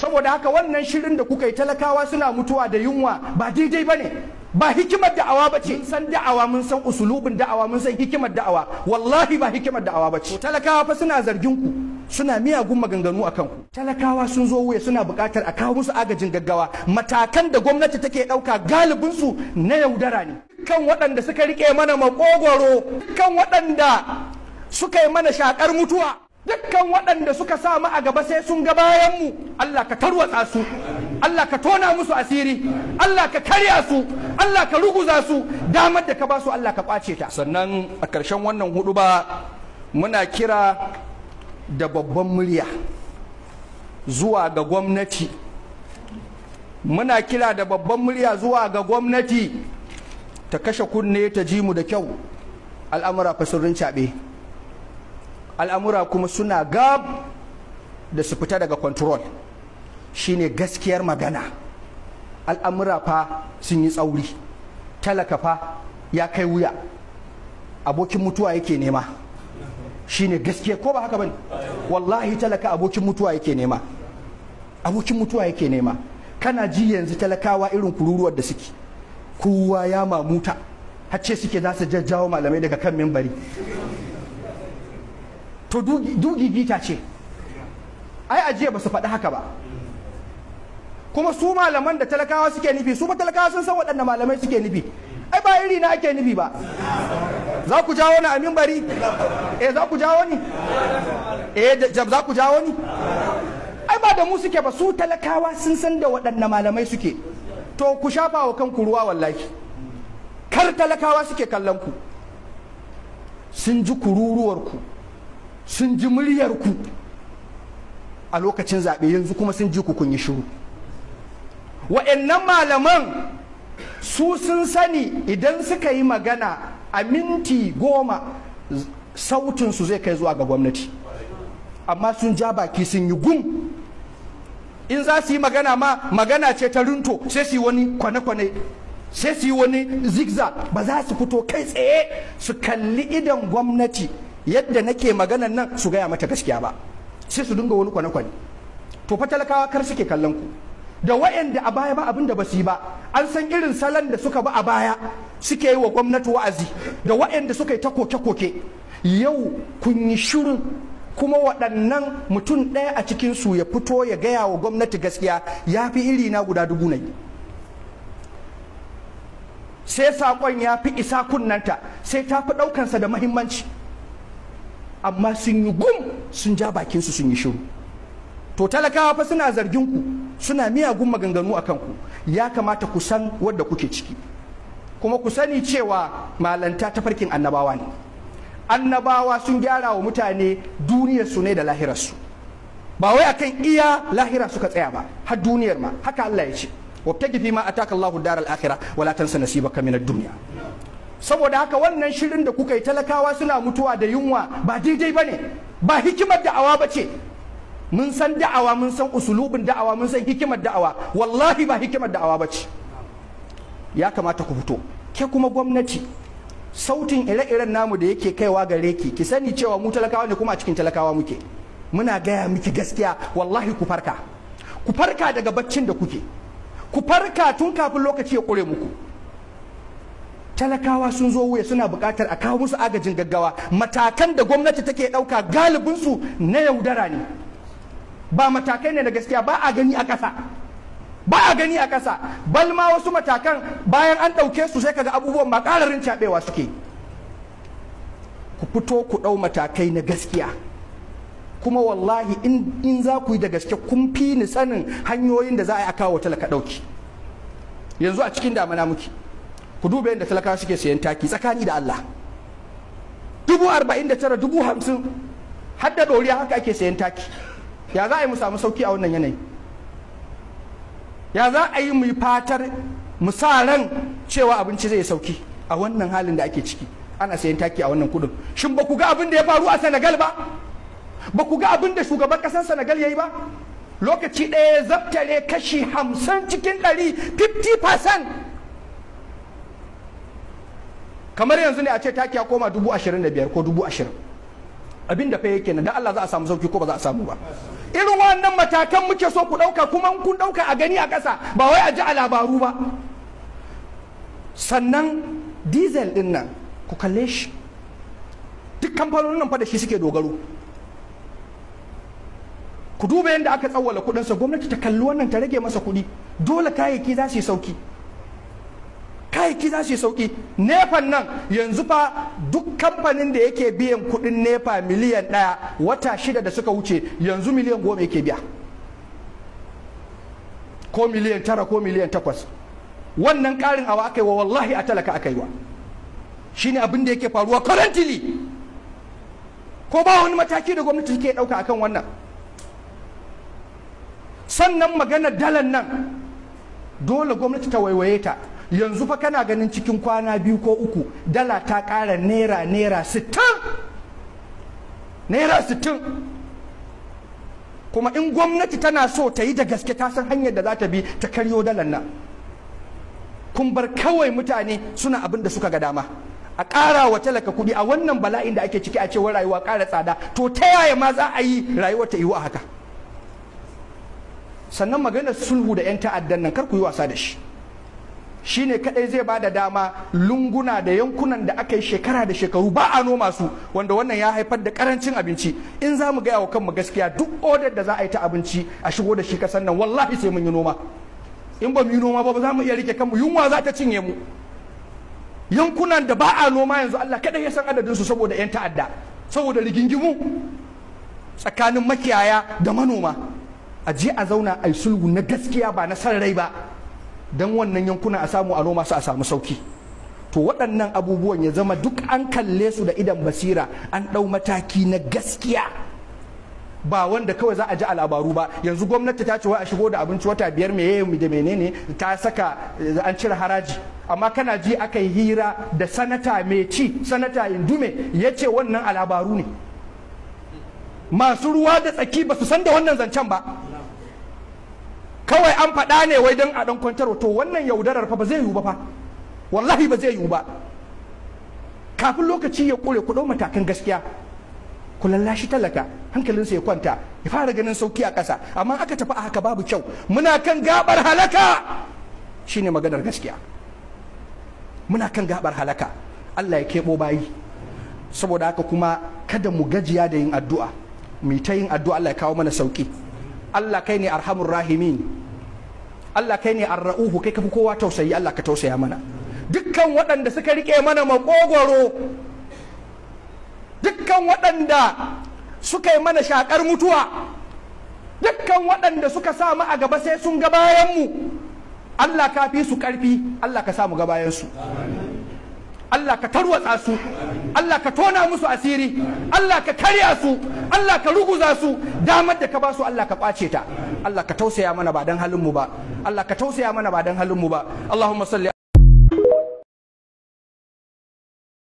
saboda haka wannan shirin da kuka yi talakawa suna mutuwa da yunwa ba daidai ba ne ba hikimar da'awa ba ce mun san da'awa mun san usulubin da'awa mun san hikimar da'awa wallahi ba hikimar da'awa ba ce talakawa fa suna zargin ku suna miyagun maganganu akan ku talakawa sun zo wuya suna buƙatar a kawo musu agajin gaggawa matakan da gwamnati take ɗauka galibin su na yaudara ne kan waɗanda suka rike mana makogoro kan waɗanda suka yi mana shakar mutuwa dukkan waɗanda suka sa mu a gaba sai sun ga bayan mu Allah ka tarwatsa su Allah ka tona musu asiri Allah ka karya su Allah ka ruguza su damar da ka ba su Allah ka kwace ta sannan a ƙarshen wannan hudu ba muna kira da babban murya zuwa ga gwamnati muna kira da babban murya zuwa ga gwamnati ta kashe kunne ta ji mu da kyau al'amura fa sun rincaɓe al'amura kuma suna gab da su fita daga control shine gaskiyar magana al'amura fa sun yi tsauri talaka fa ya kai wuya abokin mutuwa yake nema shine gaskiya ko ba haka bane wallahi talaka abokin mutuwa yake nema abokin mutuwa yake nema kana ji yanzu talakawa irin kururuwar da suke kowa ya mamuta har ce suke za su jajjawo malamai daga kan mimbari to dugi gita ce ai ajiya ba su faɗi haka ba kuma su malaman da talakawa suke nufi su ba talakawa sun san waɗanda malamai suke nufi ai ba iri na ake nufi ba za ku jawo ni Amin bari eh za ku jawo ni eh za ku jawo ni ai ba da mu suke ba su talakawa sun san da waɗanda malamai suke to ku shafa wa kanku ruwa wallahi kar talakawa suke kallon ku sun ji kururuwar ku sun ji muryarku a lokacin zaɓe yanzu kuma sun ji ku kun yi shiru wa'annan malaman su sun sani idan suka yi magana a minti goma sautinsu zai kai zuwa ga gwamnati amma sun ja baki sun yi gum in za su yi magana ma magana ce ta runto sai su yi wani kwane-kwane sai su yi wani zigzag ba za su fito kai tsaye su kalli idan gwamnati yadda nake maganan nan su gaya mata gaskiya ba sai su dinga wani kwane-kwane to fa talakawa kar suke kallon ku da wayanda a baya ba abin da su yi ba an san irin salon da suka ba a baya suke yi wa gwamnati wa'azi da wayanda suka yi ta koke-koke yau kun yi shirin kuma waɗannan mutum ɗaya a cikin su ya fito ya gaya wa gwamnati gaskiya ya fi iri na guda dubu nai sai saƙon ya fi isa kunnanta sai ta fi ɗaukansa da mahimmanci amma sun yi gum sun ja bakinsu sun yi shiru to talakawa fa suna zargin ku suna miya miyagun maganganu a kanku ya kamata ku san wadda kuke ciki kuma ku sani cewa malanta ta farkin annabawa ne annabawa sun gyara wa mutane duniyarsu ne da lahirarsu ba wai akan iya lahira suka tsaya ba har duniyar ma haka Allah ya ce wa fi ma ataka Allahu daral akhirah wala tansa nasibaka ad dunya saboda haka wannan shirin da kuka yi talakawa suna mutuwa da yunwa ba daidai ba ne ba hikimar da'awa ba ce mun san da'awa mun san usulubin da'awa mun san hikimar da'awa wallahi ba hikimar da'awa ba ce ya kamata ku fito ke kuma gwamnati sautin ire-iren namu da yake kaiwa gare ki ki sani cewa mu talakawa ne kuma a cikin talakawa muke muna gaya miki gaskiya wallahi ku farka ku farka daga baccin da kuke ku farka tun kafin lokaci ya kure muku talakawa sun zo wuya suna buƙatar a kawo musu agajin gaggawa matakan da gwamnati take ɗauka galibinsu na yaudara ne ba matakai ne da gaskiya ba a gani a ƙasa ba a gani a ƙasa balma wasu matakan bayan an ɗauke su sai kaga abubuwan ba ƙararin caɓewa suke ku fito ku ɗau matakai na gaskiya kuma wallahi in za ku yi da gaske kun fi ni sanin hanyoyin da za a yi a kawo talaka ɗauki yanzu a cikin damana muke ku duba yadda talakawa suke sayan taki tsakani da Allah dubu arba'in da tara dubu hamsin har da ɗoriya haka ake sayan taki ya za a yi mu samu sauki a wannan yanayi ya za a yi mu yi fatar mu sa ran cewa abinci zai sauki a wannan halin da ake ciki ana sayan taki a wannan kudin shin ba ku ga abin da ya faru a senegal ba ba ku ga abin da shugaban ƙasar senegal ya yi ba lokaci ɗaya zaftare kashi hamsin cikin ɗari 50% kamar yanzu ne a ce ta ya koma dubu ashirin da biyar ko dubu ashirin abin da fai yake nan da Allah za a samu sauki ko ba za a samu ba irin wannan matakan muke so ku ɗauka kuma kun ɗauka a gani a ƙasa ba wai a ji a labaru ba sannan diesel ɗin nan ku kalle shi duk kamfanonin nan fa da shi suke dogaro ku duba yadda aka tsawwala kuɗinsa gwamnati ta kalli wannan ta rage masa kuɗi dole kayayyaki za su yi sauki kayayyaki za su yi sauki nefan nan yanzu fa duk kamfanin da yake biyan kudin nefa miliyan ɗaya wata shida da suka wuce yanzu miliyan goma yake biya ko miliyan tara ko miliyan takwas wannan karin awa aka yi wa wallahi a talaka aka yi wa shine abin da yake faruwa currently ko ba wani mataki da gwamnati suke ɗauka akan wannan sannan magana dalan nan dole gwamnati ta waiwaye ta yanzu fa kana ganin cikin kwana biyu ko uku dala ta ƙara naira naira sittin naira sittin kuma in gwamnati tana so ta yi da gaske ta san hanyar da za ta bi ta karyo dalar nan kun bar kawai mutane suna abin da suka ga dama a ƙara wa talaka kuɗi a wannan bala'in da ake ciki a cewar rayuwa ƙara tsada to ta yaya ma za a yi rayuwar ta yiwu a haka sannan maganar sulhu da 'yan ta'addan nan kar ku yi wasa da shi Shi ne kadai zai ba da dama lunguna da yankunan da aka yi shekara da shekaru ba a noma su wanda wannan ya haifar da karancin abinci in za mu gaya wa kanmu gaskiya duk odar da za a yi ta abinci a shigo da shi kasan nan wallahi sai mun yi noma in ba mu yi noma ba za mu iya rike kanmu yunwa za ta cinye mu yankunan da ba a noma yanzu Allah kadai ya san adadin su saboda yan ta'adda saboda rigingimu tsakanin makiyaya da manoma a je a zauna a yi sulhu na gaskiya ba na san rai ba don wannan yankuna a samu a noma su a samu sauki to waɗannan abubuwan ya zama duk an kalle su da idan basira an ɗau mataki na gaskiya ba wanda kawai za a ji a labaru ba yanzu gwamnati ta ce wai a shigo da abinci wata biyar me yayi da menene ta saka an cire haraji amma kana ji aka yi hira da sanata mai ci sanata indume ya ce wannan a labaru ne masu ruwa da tsaki ba su san da wannan zancen ba kawai an faɗa ne wai don a ɗan kwantarwa to wannan yaudarar fa ba zai yiwu ba fa wallahi ba zai yiwu ba kafin lokaci ya ƙure ku ɗau matakan gaskiya ku lallashi talaka hankalinsa ya kwanta ya fara ganin sauki a ƙasa amma aka tafi a haka babu kyau muna kan gabar halaka shine maganar gaskiya muna kan gabar halaka Allah ya keɓo bayi saboda haka kuma kada mu gajiya da yin addu'a mu ta yin addu'a Allah ya kawo mana sauki Allah kai ne arhamur rahimin Allah kai ne arra'uhu kai kafi kowa tausayi Allah ka tausaya mana dukkan waɗanda suka riƙe mana makogoro dukkan waɗanda suka yi mana shaƙar mutuwa dukkan waɗanda suka sa mu a gaba sai sun ga bayanmu Allah ka fi su ƙarfi Allah ka sa mu ga bayansu Allah ka tarwatsa su Allah ka tona musu asiri Allah ka karya su Allah ka ruguza su damar da ka ba su Allah ka ƙwace ta Allah ka tausaya mana ba dan halin mu ba Allah ka tausaya mana ba dan halin mu ba Allahumma salli